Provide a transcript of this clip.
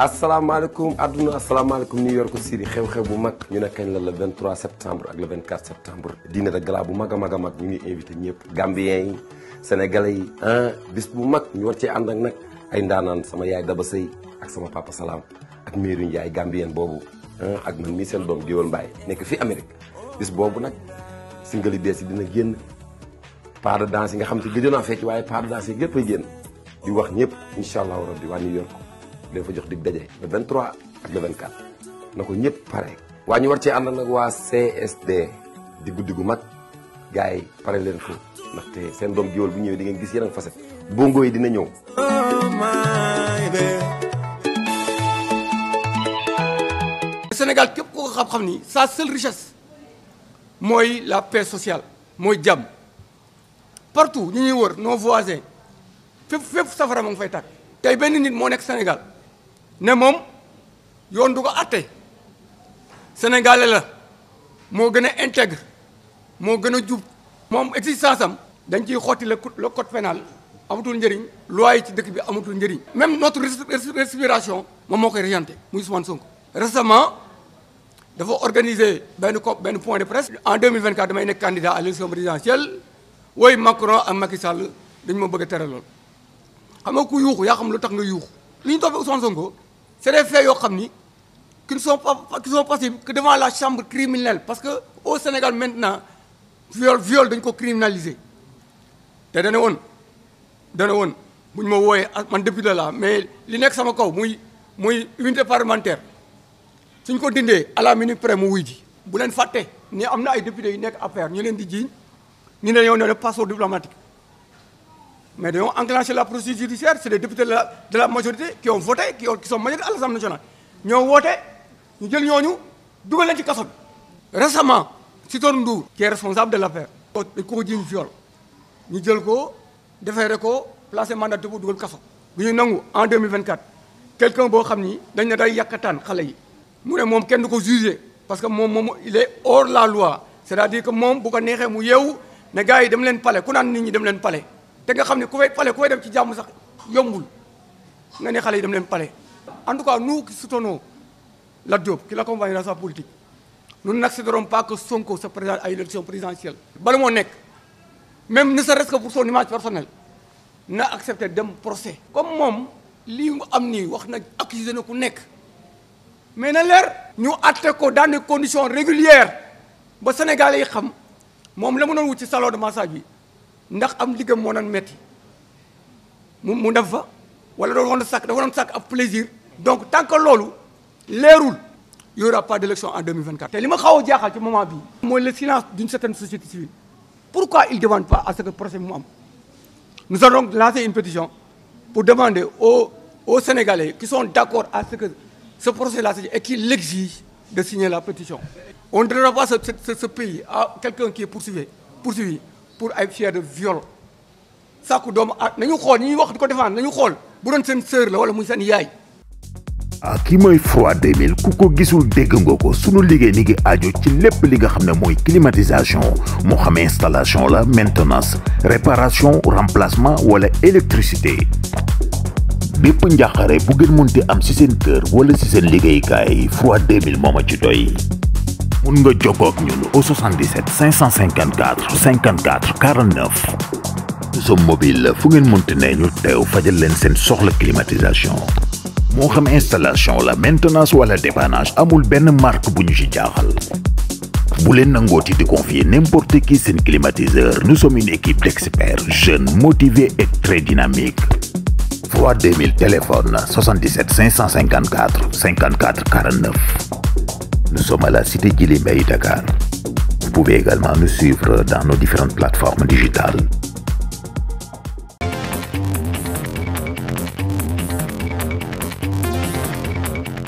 asalaamaaleykum adduna asalaamaaleykum New York City xew-xew bu mag ñu nekk kañ la le septembre ak la 24 septembre dîner de gala bu mag a mag a ñu ngi invité ñëpp Gambiens yi Sénégalais yi bis bu mag ñu war cee ànd ak nag ay ndaanaan sama yaay Daba ak sama papa Salaam ak Meeru Njaay Gambien boobu ak man mii seen doom Géwël Mbaay nekk fii Amérique bis boobu nag single yu dina genn pas de danse nga xam ci gëjoon fecc waye pas de danse gëpp yëpp a di wax ñëpp inshallah rabbi wa New York dañ fa jox dig dajé le 23 ak le 24 nako ko paré wa ñu war ci àndal nag wa CSD di gudd gu mat gaay paré pare leen ko té seen dom giwol bu ñëw di ngeen gis yeneen facette bongo yi dina ñëw. Sénégal képp ko xam-xam ni sa seule richesse. Moi la paix sociale moi jam partout nos voisins fépp fépp safara fay tak tay ben nit Sénégal ne mom sénégalais la mo gëna intègre mo a mom existence am dañ le code pénal amutul loi même notre respiration Sonko récemment dafa organiser ben co benn point de presse. en 2024 damay nekk candidat à l'élection présidentielle wooy Macron ak Macky Sall dañ ma bëgg a teraloon xam nga ku yuuxu yaa xam lu tax nga yuuxu li ñu toppee Ousmane Sonko c'est des faits yoo xam ni qui sont pas qui sont passibles que devant la chambre criminelle parce que au Sénégal maintenant viol viol dañ ko criminaliser te dana woon dana woon bu ñu ma wooyee man député là, mais li nekk sama kaw muy muy unité parlementaire suñ ko dindé à la minute près mu wuy ji bu len faté ne amna ay députés yu nek affaire ñu len di jiiñ ni ne yow né passeport diplomatique mais dañu enclenché la procédure judiciaire c'est les députés de la majorité qui ont voté qui ont qui sont majorité à l'Assemblée nationale ñoo voté ñu jël ñoñu dugal leen ci kasso récemment Sitor Ndour qui est responsable de l'affaire ko ko jiiñ viol ñu jël ko defeere ko placé mandat de dépôt dugal kaso bu ñu nangu en 2024 quelqu'un bo xamni dañ na day yakatan xalé yi mu ne moom kenn du ko jugé parce que moom moom il est hors la loi c'est-à-dire que moom bu ko neexee mu yeewu ne gars yi dem leen pale ku naan nit ñi dem leen pale te nga xam ne ku fay pale ku fay dem ci jàmm sax yombul nga ne xale yi dem leen pale en tout cas nous soutenons Lat Diop qui l'accompagne dans sa politique nous n'accepterons pas que Sonko se présente à l'élection présidentielle bala moo nekk même ne serait-ce que pour son image personnelle na accepté dem procès comme moom lii mu am nii wax na accusé na ku nekk mais na leer ñu ko dans des conditions régulières ba Sénégalais yi xam moom la mu doon wut ci salon de massage bi ndax am liggéeyam moo doon metti mu mu def fa wala doon woon sàkk dafa doon sàkk plaisir donc tant que loolu il y aura pas d'élection en 2024 te li ma xaw a jaaxal ci moment bii mooy le silence d'une certaine société civile pourquoi il demande pas à ce que procès mu am nous allons donc lancer une pétition pour demander aux aux Sénégalais qui sont d'accord à ce que ce procès-là et qui l'exige de signer la pétition. On ne donnera pas ce, pays à quelqu'un qui est poursuivi, poursuivi pour être de viol. Ça, nous devons nous moy froid 2000 kuko gisul nga sunu liggéey ni ci li nga climatisation installation la maintenance réparation remplacement wala électricité bépp njàqare bu ngeen munti am de seen kër wala si seen liggéeykaay Froid 2000 moma ci doy. mun nga jokkoo ak ñun au 77 554 54 49. Nous mobile fu ngeen mënti ne ñu teew fajal leen seen soxla climatisation moo xam installation la maintenance wala dépannage amul benn marque bu ñu ci jaaxal bu leen nangooti di confier n'importe qui seen climatiseur nous sommes une équipe d'experts jeunes motivés et très dynamiques. 3 2000 téléphone 77 554 54 49. Nous sommes à la cité Guilimbaï Dakar. Vous pouvez également nous suivre dans nos différentes plateformes digitales.